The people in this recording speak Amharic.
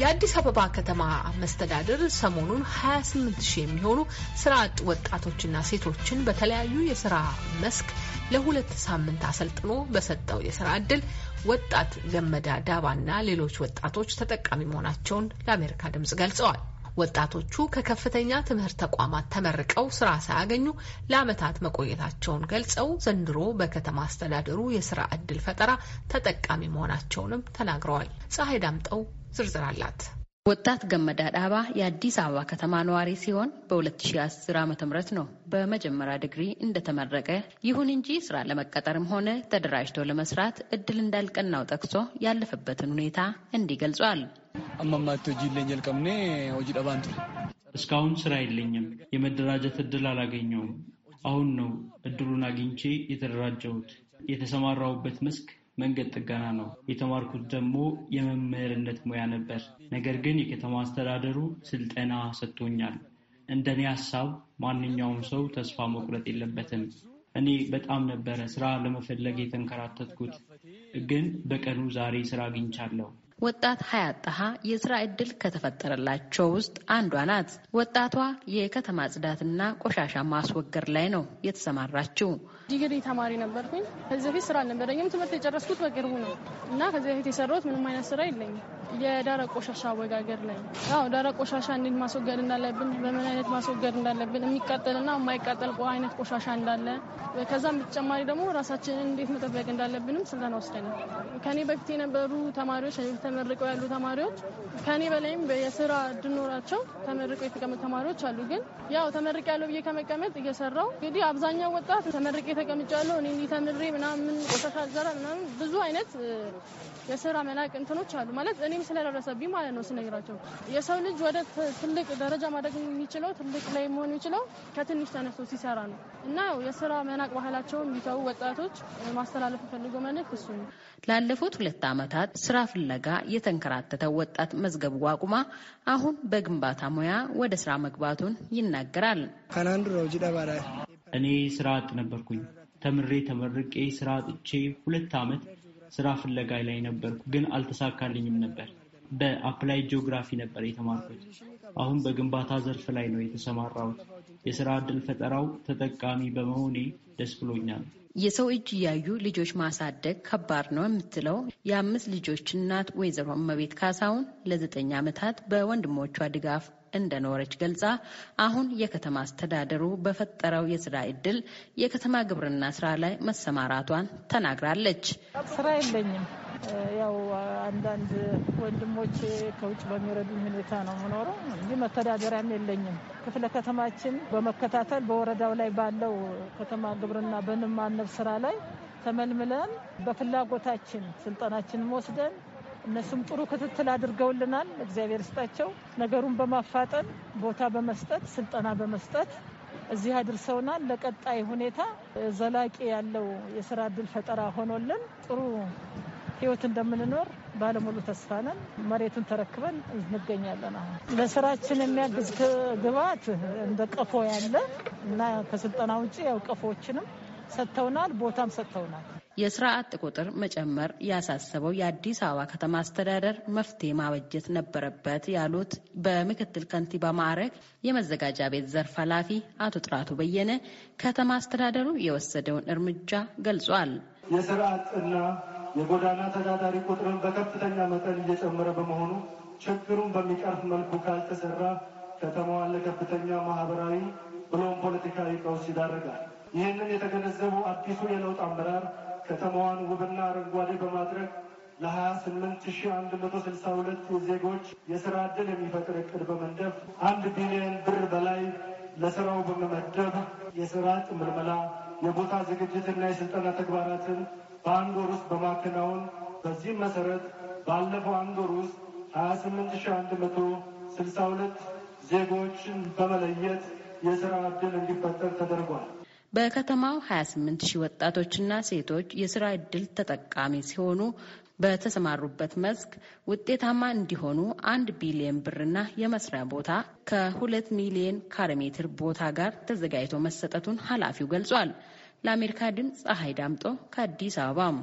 የአዲስ አበባ ከተማ መስተዳድር ሰሞኑን 28 ሺህ የሚሆኑ ስራ አጥ ወጣቶችና ሴቶችን በተለያዩ የስራ መስክ ለሁለት ሳምንት አሰልጥኖ በሰጠው የስራ እድል ወጣት ገመዳ ዳባና ሌሎች ወጣቶች ተጠቃሚ መሆናቸውን ለአሜሪካ ድምጽ ገልጸዋል። ወጣቶቹ ከከፍተኛ ትምህርት ተቋማት ተመርቀው ስራ ሳያገኙ ለዓመታት መቆየታቸውን ገልጸው ዘንድሮ በከተማ አስተዳደሩ የስራ ዕድል ፈጠራ ተጠቃሚ መሆናቸውንም ተናግረዋል። ፀሐይ ዳምጠው ዝርዝር አላት። ወጣት ገመዳ ዳባ የአዲስ አበባ ከተማ ነዋሪ ሲሆን በ2010 ዓ ም ነው በመጀመሪያ ዲግሪ እንደተመረቀ። ይሁን እንጂ ስራ ለመቀጠርም ሆነ ተደራጅቶ ለመስራት እድል እንዳልቀናው ጠቅሶ ያለፈበትን ሁኔታ እንዲህ ገልጿል። አማማቶ ይለኛል ቀምኔ ወጂ እስካሁን ስራ የለኝም። የመደራጀት እድል አላገኘውም። አሁን ነው እድሉን አግኝቼ የተደራጀሁት። የተሰማራሁበት መስክ መንገድ ጥገና ነው። የተማርኩት ደግሞ የመምህርነት ሙያ ነበር። ነገር ግን የከተማ አስተዳደሩ ስልጠና ሰጥቶኛል። እንደኔ ሀሳብ ማንኛውም ሰው ተስፋ መቁረጥ የለበትም። እኔ በጣም ነበረ ስራ ለመፈለግ የተንከራተትኩት፣ ግን በቀኑ ዛሬ ስራ አግኝቻለሁ። ወጣት ሀያት ጣሃ የስራ እድል ከተፈጠረላቸው ውስጥ አንዷ ናት። ወጣቷ የከተማ ጽዳትና ቆሻሻ ማስወገድ ላይ ነው የተሰማራችው። ዲግሪ ተማሪ ነበርኩኝ። ከዚህ በፊት ስራ አልነበረኝም። ትምህርት የጨረስኩት በቅርቡ ነው እና ከዚህ በፊት የሰራሁት ምንም አይነት ስራ የለኝም። የደረቅ ቆሻሻ አወጋገድ ላይ ነው። ደረቅ ቆሻሻ እንዴት ማስወገድ እንዳለብን፣ በምን አይነት ማስወገድ እንዳለብን፣ የሚቃጠልና የማይቃጠል አይነት ቆሻሻ እንዳለ፣ ከዛም በተጨማሪ ደግሞ ራሳችንን እንዴት መጠበቅ እንዳለብንም ስልጠና ወስደናል። ከኔ በፊት የነበሩ ተማሪዎች ተመርቀው ያሉ ተማሪዎች ከኔ በላይም የስራ እንድኖራቸው ተመርቀው የተቀመጡ ተማሪዎች አሉ። ግን ያው ተመርቅ ያለው ብዬ ከመቀመጥ እየሰራው እንግዲህ አብዛኛው ወጣት ተመርቄ ተቀምጫ እኔ እንዲህ ተምሬ ምናምን ቆሻሻ አልዘራ ምናምን ብዙ አይነት የስራ መላቅ እንትኖች አሉ ማለት እኔም ስለደረሰብኝ ማለት ነው ስነግራቸው የሰው ልጅ ወደ ትልቅ ደረጃ ማድረግ የሚችለው ትልቅ ላይ መሆን የሚችለው ከትንሽ ተነስቶ ሲሰራ ነው እና ያው የስራ መናቅ ባህላቸውን ቢተው ወጣቶች ማስተላለፍ የፈልገው መልእክት እሱ ነው። ላለፉት ሁለት ዓመታት ስራ ፍለጋ የተንከራተተው ወጣት መዝገብ ዋቁማ አሁን በግንባታ ሙያ ወደ ስራ መግባቱን ይናገራል። እኔ ስራ አጥ ነበርኩኝ። ተምሬ ተመርቄ ስራ አጥቼ ሁለት ዓመት ስራ ፍለጋ ላይ ነበርኩ፣ ግን አልተሳካልኝም ነበር። በአፕላይ ጂኦግራፊ ነበር የተማርኩት። አሁን በግንባታ ዘርፍ ላይ ነው የተሰማራሁት። የስራ እድል ፈጠራው ተጠቃሚ በመሆኔ ደስ ብሎኛል። የሰው እጅ እያዩ ልጆች ማሳደግ ከባድ ነው የምትለው የአምስት ልጆች እናት ወይዘሮ እመቤት ካሳሁን ለዘጠኝ ዓመታት በወንድሞቿ ድጋፍ እንደኖረች ገልጻ አሁን የከተማ አስተዳደሩ በፈጠረው የስራ እድል የከተማ ግብርና ስራ ላይ መሰማራቷን ተናግራለች። ስራ የለኝም። ያው አንዳንድ ወንድሞች ከውጭ በሚረዱኝ ሁኔታ ነው የምኖረው እንጂ መተዳደሪያም የለኝም። ክፍለ ከተማችን በመከታተል በወረዳው ላይ ባለው ከተማ ግብርና በንማነብ ስራ ላይ ተመልምለን በፍላጎታችን ስልጠናችንን ወስደን እነሱም ጥሩ ክትትል አድርገውልናል። እግዚአብሔር ስጣቸው። ነገሩን በማፋጠን ቦታ በመስጠት ስልጠና በመስጠት እዚህ አድርሰውናል። ለቀጣይ ሁኔታ ዘላቂ ያለው የስራ እድል ፈጠራ ሆኖልን ጥሩ ህይወት እንደምንኖር ባለሙሉ ተስፋ ነን። መሬቱን ተረክበን እንገኛለን። አሁን ለስራችን የሚያግዝ ግብአት እንደ ቀፎ ያለ እና ከስልጠና ውጭ ያው ቀፎዎችንም ሰጥተውናል፣ ቦታም ሰጥተውናል። የስራ አጥ ቁጥር መጨመር ያሳሰበው የአዲስ አበባ ከተማ አስተዳደር መፍትሄ ማበጀት ነበረበት ያሉት በምክትል ከንቲባ ማዕረግ የመዘጋጃ ቤት ዘርፍ ኃላፊ አቶ ጥራቱ በየነ ከተማ አስተዳደሩ የወሰደውን እርምጃ ገልጿል። የስራ አጥና የጎዳና ተዳዳሪ ቁጥርን በከፍተኛ መጠን እየጨመረ በመሆኑ ችግሩን በሚቀርፍ መልኩ ካልተሰራ ከተማዋን ለከፍተኛ ማህበራዊ ብሎም ፖለቲካዊ ቀውስ ይዳረጋል። ይህንን የተገነዘቡ አዲሱ የለውጥ አመራር ከተማዋን ውብና አረንጓዴ በማድረግ ለ28162 ዜጎች የስራ ዕድል የሚፈጥር እቅድ በመንደፍ አንድ ቢሊዮን ብር በላይ ለስራው በመመደብ የስራ ምልመላ የቦታ ዝግጅትና የስልጠና ተግባራትን በአንድ ወር ውስጥ በማከናወን በዚህም መሰረት ባለፈው አንድ ወር ውስጥ ሀያ ስምንት ሺ አንድ መቶ ስልሳ ሁለት ዜጎችን በመለየት የስራ እድል እንዲፈጠር ተደርጓል። በከተማው 28 ሺህ ወጣቶችና ሴቶች የስራ እድል ተጠቃሚ ሲሆኑ በተሰማሩበት መስክ ውጤታማ እንዲሆኑ አንድ ቢሊየን ብርና የመስሪያ ቦታ ከሁለት ሚሊየን ካሬ ሜትር ቦታ ጋር ተዘጋጅቶ መሰጠቱን ኃላፊው ገልጿል። ለአሜሪካ ድምፅ ፀሐይ ዳምጦ ከአዲስ አበባ